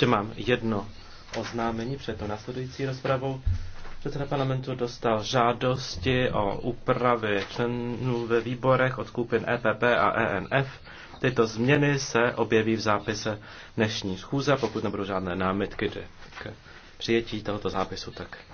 Ještě mám jedno oznámení před to následující rozpravou. Předseda parlamentu dostal žádosti o úpravy členů ve výborech od skupin EPP a ENF. Tyto změny se objeví v zápise dnešní schůze, pokud nebudou žádné námitky k přijetí tohoto zápisu, tak